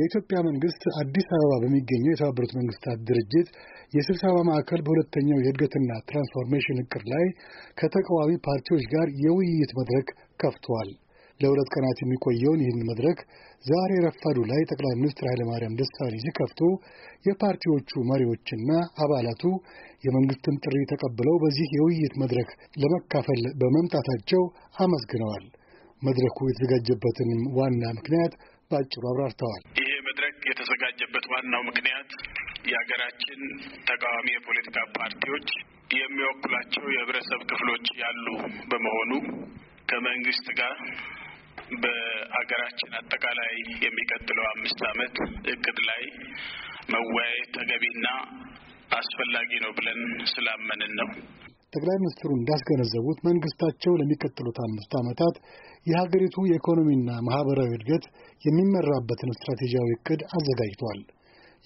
የኢትዮጵያ መንግስት አዲስ አበባ በሚገኘው የተባበሩት መንግስታት ድርጅት የስብሰባ ማዕከል በሁለተኛው የእድገትና ትራንስፎርሜሽን እቅድ ላይ ከተቃዋሚ ፓርቲዎች ጋር የውይይት መድረክ ከፍቷል። ለሁለት ቀናት የሚቆየውን ይህን መድረክ ዛሬ ረፋዱ ላይ ጠቅላይ ሚኒስትር ኃይለማርያም ደሳለኝ ሲከፍቱ የፓርቲዎቹ መሪዎችና አባላቱ የመንግስትን ጥሪ ተቀብለው በዚህ የውይይት መድረክ ለመካፈል በመምጣታቸው አመስግነዋል። መድረኩ የተዘጋጀበትንም ዋና ምክንያት በአጭሩ አብራርተዋል። የተዘጋጀበት ዋናው ምክንያት የሀገራችን ተቃዋሚ የፖለቲካ ፓርቲዎች የሚወክሏቸው የህብረተሰብ ክፍሎች ያሉ በመሆኑ ከመንግስት ጋር በሀገራችን አጠቃላይ የሚቀጥለው አምስት ዓመት እቅድ ላይ መወያየት ተገቢና አስፈላጊ ነው ብለን ስላመንን ነው። ጠቅላይ ሚኒስትሩ እንዳስገነዘቡት መንግስታቸው ለሚቀጥሉት አምስት ዓመታት የሀገሪቱ የኢኮኖሚና ማህበራዊ እድገት የሚመራበትን ስትራቴጂያዊ እቅድ አዘጋጅቷል።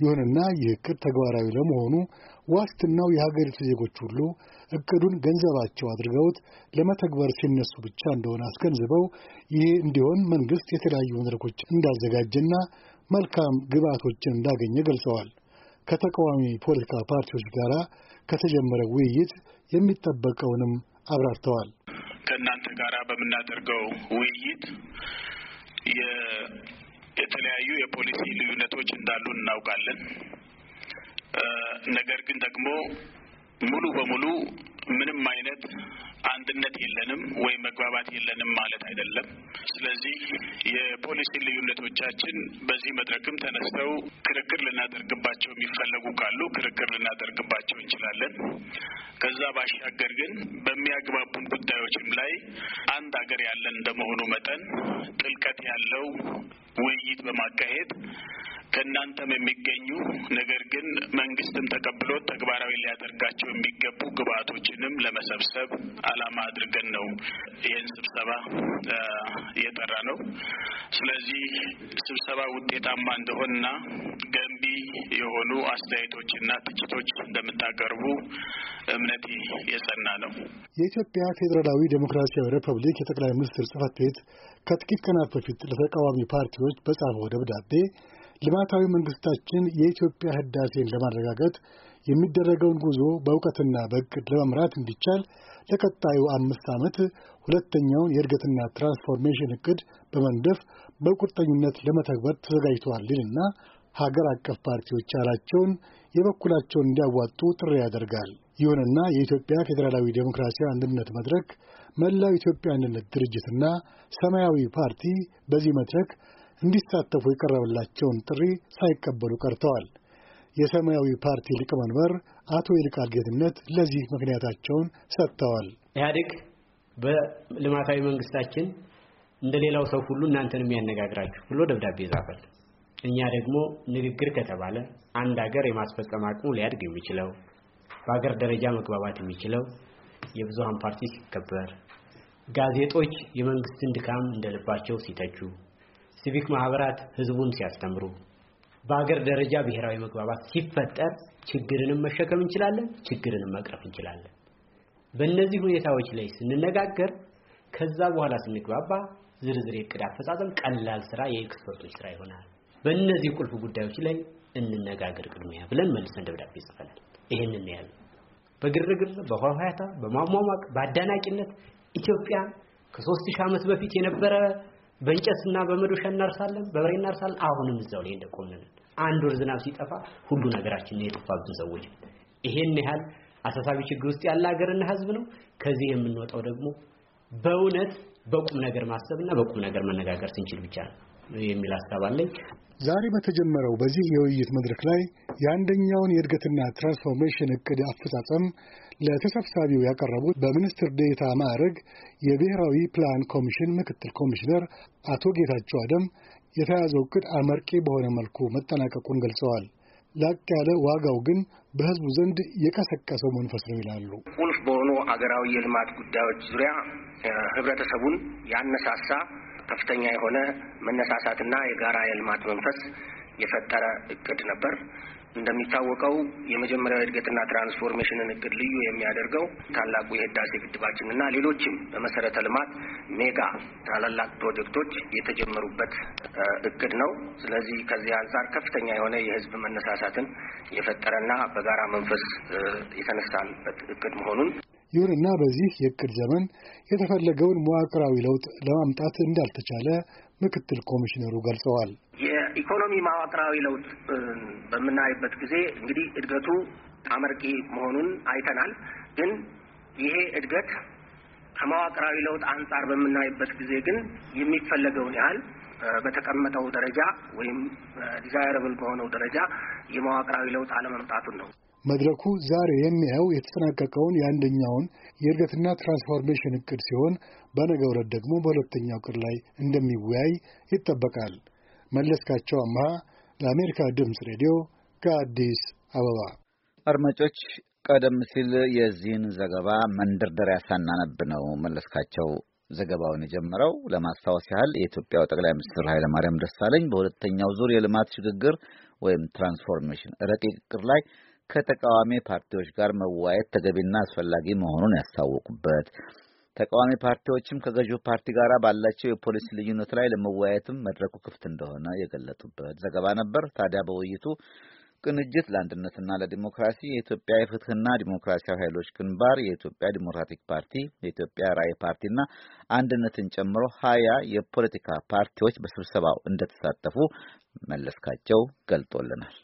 ይሁንና ይህ እቅድ ተግባራዊ ለመሆኑ ዋስትናው የሀገሪቱ ዜጎች ሁሉ እቅዱን ገንዘባቸው አድርገውት ለመተግበር ሲነሱ ብቻ እንደሆነ አስገንዝበው ይህ እንዲሆን መንግስት የተለያዩ መድረኮች እንዳዘጋጀና መልካም ግብዓቶችን እንዳገኘ ገልጸዋል። ከተቃዋሚ ፖለቲካ ፓርቲዎች ጋር ከተጀመረ ውይይት የሚጠበቀውንም አብራርተዋል። ከእናንተ ጋር በምናደርገው ውይይት የተለያዩ የፖሊሲ ልዩነቶች እንዳሉ እናውቃለን። ነገር ግን ደግሞ ሙሉ በሙሉ ምንም አይነት አንድነት የለንም ወይም መግባባት የለንም ማለት አይደለም። ስለዚህ የፖሊሲ ልዩነቶቻችን በዚህ መድረክም ተነስተው ክርክር ልናደርግባቸው የሚፈለጉ ካሉ ክርክር ልናደርግባቸው እንችላለን። ከዛ ባሻገር ግን በሚያግባቡን ጉዳዮችም ላይ አንድ ሀገር ያለን እንደመሆኑ መጠን ጥልቀት ያለው ውይይት በማካሄድ ከእናንተም የሚገኙ ነገር ግን መንግስትም ተቀብሎ ተግባራዊ ሊያደርጋቸው የሚገቡ ግብአቶችንም ለመሰብሰብ አላማ አድርገን ነው ይህን ስብሰባ እየጠራ ነው። ስለዚህ ስብሰባ ውጤታማ እንደሆንና ገንቢ የሆኑ አስተያየቶችና ትችቶች እንደምታቀርቡ እምነት የጸና ነው። የኢትዮጵያ ፌዴራላዊ ዴሞክራሲያዊ ሪፐብሊክ የጠቅላይ ሚኒስትር ጽህፈት ቤት ከጥቂት ቀናት በፊት ለተቃዋሚ ፓርቲዎች በጻፈው ደብዳቤ ልማታዊ መንግስታችን የኢትዮጵያ ህዳሴን ለማረጋገጥ የሚደረገውን ጉዞ በእውቀትና በእቅድ ለመምራት እንዲቻል ለቀጣዩ አምስት ዓመት ሁለተኛውን የእድገትና ትራንስፎርሜሽን እቅድ በመንደፍ በቁርጠኝነት ለመተግበር ተዘጋጅተዋል ይልና ሀገር አቀፍ ፓርቲዎች ያላቸውን የበኩላቸውን እንዲያዋጡ ጥሪ ያደርጋል። ይሁንና የኢትዮጵያ ፌዴራላዊ ዴሞክራሲያዊ አንድነት መድረክ፣ መላው ኢትዮጵያ አንድነት ድርጅትና ሰማያዊ ፓርቲ በዚህ መድረክ እንዲሳተፉ የቀረበላቸውን ጥሪ ሳይቀበሉ ቀርተዋል። የሰማያዊ ፓርቲ ሊቀመንበር አቶ ይልቃል ጌትነት ለዚህ ምክንያታቸውን ሰጥተዋል። ኢህአዴግ በልማታዊ መንግስታችን እንደ ሌላው ሰው ሁሉ እናንተን የሚያነጋግራችሁ ብሎ ደብዳቤ ጻፈል። እኛ ደግሞ ንግግር ከተባለ አንድ ሀገር የማስፈጸም አቅሙ ሊያድግ የሚችለው በሀገር ደረጃ መግባባት የሚችለው የብዙሃን ፓርቲ ሲከበር፣ ጋዜጦች የመንግስትን ድካም እንደልባቸው ሲተቹ ሲቪክ ማህበራት ህዝቡን ሲያስተምሩ በአገር ደረጃ ብሔራዊ መግባባት ሲፈጠር ችግርንም መሸከም እንችላለን፣ ችግርንም መቅረፍ እንችላለን። በእነዚህ ሁኔታዎች ላይ ስንነጋገር ከዛ በኋላ ስንግባባ ዝርዝር የዕቅድ አፈጻጸም ቀላል ስራ የኤክስፐርቶች ስራ ይሆናል። በእነዚህ ቁልፍ ጉዳዮች ላይ እንነጋገር ቅድሚያ ብለን መልሰን ደብዳቤ ጽፈናል። ይሄንን ያህል በግርግር በኋኋታ በማሟሟቅ በአዳናቂነት ኢትዮጵያ ከሦስት ሺህ ዓመት በፊት የነበረ በእንጨትና በመዶሻ እናርሳለን፣ በበሬ እናርሳለን። አሁንም እዛው ላይ እንደቆምን አንድ ወር ዝናብ ሲጠፋ ሁሉ ነገራችን ነው የጠፋብን ሰዎች። ይሄን ያህል አሳሳቢ ችግር ውስጥ ያለ ሀገርና ህዝብ ነው። ከዚህ የምንወጣው ደግሞ በእውነት በቁም ነገር ማሰብና በቁም ነገር መነጋገር ስንችል ብቻ ነው። የሚል ሀሳብ አለኝ። ዛሬ በተጀመረው በዚህ የውይይት መድረክ ላይ የአንደኛውን የእድገትና ትራንስፎርሜሽን እቅድ አፈጻጸም ለተሰብሳቢው ያቀረቡት በሚኒስትር ዴታ ማዕረግ የብሔራዊ ፕላን ኮሚሽን ምክትል ኮሚሽነር አቶ ጌታቸው አደም የተያዘው እቅድ አመርቂ በሆነ መልኩ መጠናቀቁን ገልጸዋል። ላቅ ያለ ዋጋው ግን በህዝቡ ዘንድ የቀሰቀሰው መንፈስ ነው ይላሉ። ቁልፍ በሆኑ አገራዊ የልማት ጉዳዮች ዙሪያ ህብረተሰቡን ያነሳሳ ከፍተኛ የሆነ መነሳሳትና የጋራ የልማት መንፈስ የፈጠረ እቅድ ነበር። እንደሚታወቀው የመጀመሪያው የእድገትና ትራንስፎርሜሽንን እቅድ ልዩ የሚያደርገው ታላቁ የህዳሴ ግድባችንና ሌሎችም በመሰረተ ልማት ሜጋ ታላላቅ ፕሮጀክቶች የተጀመሩበት እቅድ ነው። ስለዚህ ከዚህ አንጻር ከፍተኛ የሆነ የህዝብ መነሳሳትን የፈጠረና በጋራ መንፈስ የተነሳንበት እቅድ መሆኑን ይሁንና በዚህ የዕቅድ ዘመን የተፈለገውን መዋቅራዊ ለውጥ ለማምጣት እንዳልተቻለ ምክትል ኮሚሽነሩ ገልጸዋል። የኢኮኖሚ መዋቅራዊ ለውጥ በምናይበት ጊዜ እንግዲህ እድገቱ አመርቂ መሆኑን አይተናል። ግን ይሄ እድገት ከመዋቅራዊ ለውጥ አንጻር በምናይበት ጊዜ ግን የሚፈለገውን ያህል በተቀመጠው ደረጃ ወይም ዲዛይረብል በሆነው ደረጃ የመዋቅራዊ ለውጥ አለመምጣቱን ነው። መድረኩ ዛሬ የሚያየው የተጠናቀቀውን የአንደኛውን የእድገትና ትራንስፎርሜሽን እቅድ ሲሆን በነገ ዕለት ደግሞ በሁለተኛው እቅድ ላይ እንደሚወያይ ይጠበቃል። መለስካቸው አምሃ ለአሜሪካ ድምፅ ሬዲዮ ከአዲስ አበባ። አድማጮች፣ ቀደም ሲል የዚህን ዘገባ መንደርደሪያ ሳናነብ ነው መለስካቸው ዘገባውን የጀመረው። ለማስታወስ ያህል የኢትዮጵያው ጠቅላይ ሚኒስትር ኃይለማርያም ደሳለኝ በሁለተኛው ዙር የልማት ሽግግር ወይም ትራንስፎርሜሽን ረቂቅ እቅድ ላይ ከተቃዋሚ ፓርቲዎች ጋር መወያየት ተገቢና አስፈላጊ መሆኑን ያስታወቁበት ተቃዋሚ ፓርቲዎችም ከገዢው ፓርቲ ጋር ባላቸው የፖሊሲ ልዩነት ላይ ለመወያየትም መድረኩ ክፍት እንደሆነ የገለጡበት ዘገባ ነበር። ታዲያ በውይይቱ ቅንጅት ለአንድነትና ለዲሞክራሲ፣ የኢትዮጵያ የፍትህና ዲሞክራሲያዊ ኃይሎች ግንባር፣ የኢትዮጵያ ዲሞክራቲክ ፓርቲ፣ የኢትዮጵያ ራዕይ ፓርቲና አንድነትን ጨምሮ ሀያ የፖለቲካ ፓርቲዎች በስብሰባው እንደተሳተፉ መለስካቸው ገልጦልናል።